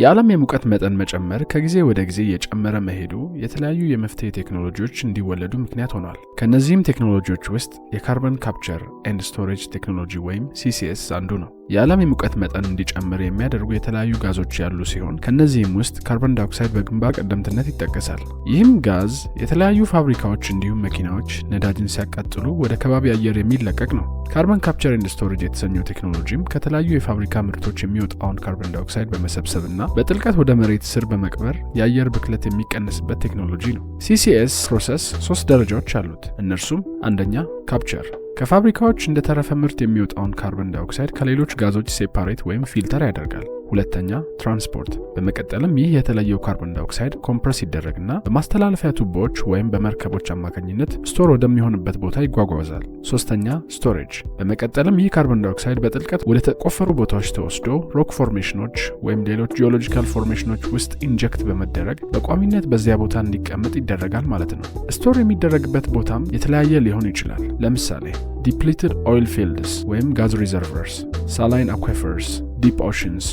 የዓለም የሙቀት መጠን መጨመር ከጊዜ ወደ ጊዜ እየጨመረ መሄዱ የተለያዩ የመፍትሄ ቴክኖሎጂዎች እንዲወለዱ ምክንያት ሆኗል። ከእነዚህም ቴክኖሎጂዎች ውስጥ የካርበን ካፕቸር ኤንድ ስቶሬጅ ቴክኖሎጂ ወይም ሲሲኤስ አንዱ ነው። የዓለም የሙቀት መጠን እንዲጨምር የሚያደርጉ የተለያዩ ጋዞች ያሉ ሲሆን ከእነዚህም ውስጥ ካርበን ዳይኦክሳይድ በግንባር ቀደምትነት ይጠቀሳል። ይህም ጋዝ የተለያዩ ፋብሪካዎች እንዲሁም መኪናዎች ነዳጅን ሲያቃጥሉ ወደ ከባቢ አየር የሚለቀቅ ነው። ካርበን ካፕቸር ኤንድ ስቶሬጅ የተሰኘው ቴክኖሎጂም ከተለያዩ የፋብሪካ ምርቶች የሚወጣውን ካርበን ዳይኦክሳይድ በመሰብሰብና በጥልቀት ወደ መሬት ስር በመቅበር የአየር ብክለት የሚቀንስበት ቴክኖሎጂ ነው። ሲሲኤስ ፕሮሰስ ሶስት ደረጃዎች አሉት። እነርሱም አንደኛ ካፕቸር ከፋብሪካዎች እንደተረፈ ምርት የሚወጣውን ካርበን ዳይኦክሳይድ ከሌሎች ጋዞች ሴፓሬት ወይም ፊልተር ያደርጋል። ሁለተኛ ትራንስፖርት። በመቀጠልም ይህ የተለየው ካርቦን ዳይኦክሳይድ ኮምፕረስ ይደረግና በማስተላለፊያ ቱቦዎች ወይም በመርከቦች አማካኝነት ስቶር ወደሚሆንበት ቦታ ይጓጓዛል። ሶስተኛ ስቶሬጅ። በመቀጠልም ይህ ካርቦን ዳይኦክሳይድ በጥልቀት ወደ ተቆፈሩ ቦታዎች ተወስዶ ሮክ ፎርሜሽኖች ወይም ሌሎች ጂኦሎጂካል ፎርሜሽኖች ውስጥ ኢንጀክት በመደረግ በቋሚነት በዚያ ቦታ እንዲቀመጥ ይደረጋል ማለት ነው። ስቶር የሚደረግበት ቦታም የተለያየ ሊሆን ይችላል። ለምሳሌ ዲፕሊትድ ኦይል ፊልድስ ወይም ጋዝ ሪዘርቨርስ፣ ሳላይን አኳፈርስ፣ ዲፕ ኦሽንስ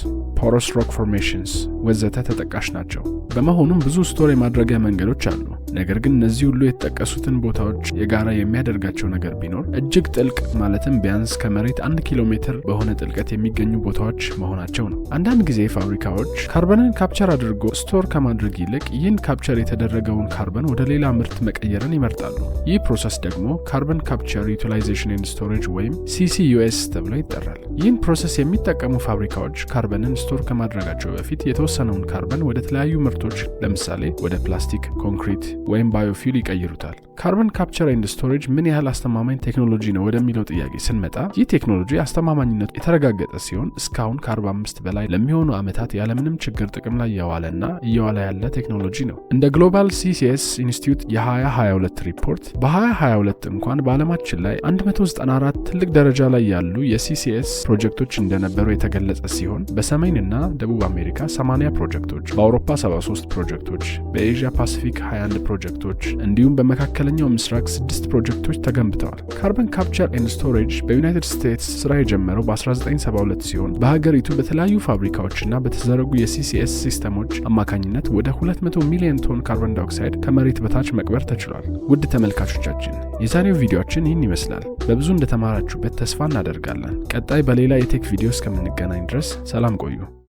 porous formations ወዘተ ተጠቃሽ ናቸው። በመሆኑም ብዙ ስቶር የማድረጊያ መንገዶች አሉ። ነገር ግን እነዚህ ሁሉ የተጠቀሱትን ቦታዎች የጋራ የሚያደርጋቸው ነገር ቢኖር እጅግ ጥልቅ ማለትም ቢያንስ ከመሬት አንድ ኪሎ ሜትር በሆነ ጥልቀት የሚገኙ ቦታዎች መሆናቸው ነው። አንዳንድ ጊዜ ፋብሪካዎች ካርበንን ካፕቸር አድርጎ ስቶር ከማድረግ ይልቅ ይህን ካፕቸር የተደረገውን ካርበን ወደ ሌላ ምርት መቀየርን ይመርጣሉ። ይህ ፕሮሰስ ደግሞ ካርበን ካፕቸር ዩቲላይዜሽን ኤንድ ስቶሬጅ ወይም ሲሲዩኤስ ተብሎ ይጠራል። ይህን ፕሮሰስ የሚጠቀሙ ፋብሪካዎች ካርበንን ስቶር ከማድረጋቸው በፊት የተወሰነ የተወሰነውን ካርበን ወደ ተለያዩ ምርቶች ለምሳሌ ወደ ፕላስቲክ፣ ኮንክሪት ወይም ባዮፊል ይቀይሩታል። ካርበን ካፕቸር ኤንድ ስቶሬጅ ምን ያህል አስተማማኝ ቴክኖሎጂ ነው ወደሚለው ጥያቄ ስንመጣ ይህ ቴክኖሎጂ አስተማማኝነቱ የተረጋገጠ ሲሆን እስካሁን ከ45 በላይ ለሚሆኑ ዓመታት ያለምንም ችግር ጥቅም ላይ የዋለና እየዋለ ያለ ቴክኖሎጂ ነው። እንደ ግሎባል ሲሲኤስ ኢንስቲትዩት የ2022 ሪፖርት በ2022 እንኳን በዓለማችን ላይ 194 ትልቅ ደረጃ ላይ ያሉ የሲሲኤስ ፕሮጀክቶች እንደነበሩ የተገለጸ ሲሆን በሰሜን እና ደቡብ አሜሪካ 80 80 ፕሮጀክቶች፣ በአውሮፓ 73 ፕሮጀክቶች፣ በኤዥያ ፓሲፊክ 21 ፕሮጀክቶች እንዲሁም በመካከለኛው ምስራቅ 6 ፕሮጀክቶች ተገንብተዋል። ካርበን ካፕቸር ኤንድ ስቶሬጅ በዩናይትድ ስቴትስ ስራ የጀመረው በ1972 ሲሆን በሀገሪቱ በተለያዩ ፋብሪካዎችና በተዘረጉ የሲሲኤስ ሲስተሞች አማካኝነት ወደ 200 ሚሊዮን ቶን ካርበን ዳይኦክሳይድ ከመሬት በታች መቅበር ተችሏል። ውድ ተመልካቾቻችን የዛሬው ቪዲዮችን ይህን ይመስላል። በብዙ እንደተማራችሁበት ተስፋ እናደርጋለን። ቀጣይ በሌላ የቴክ ቪዲዮ እስከምንገናኝ ድረስ ሰላም ቆዩ።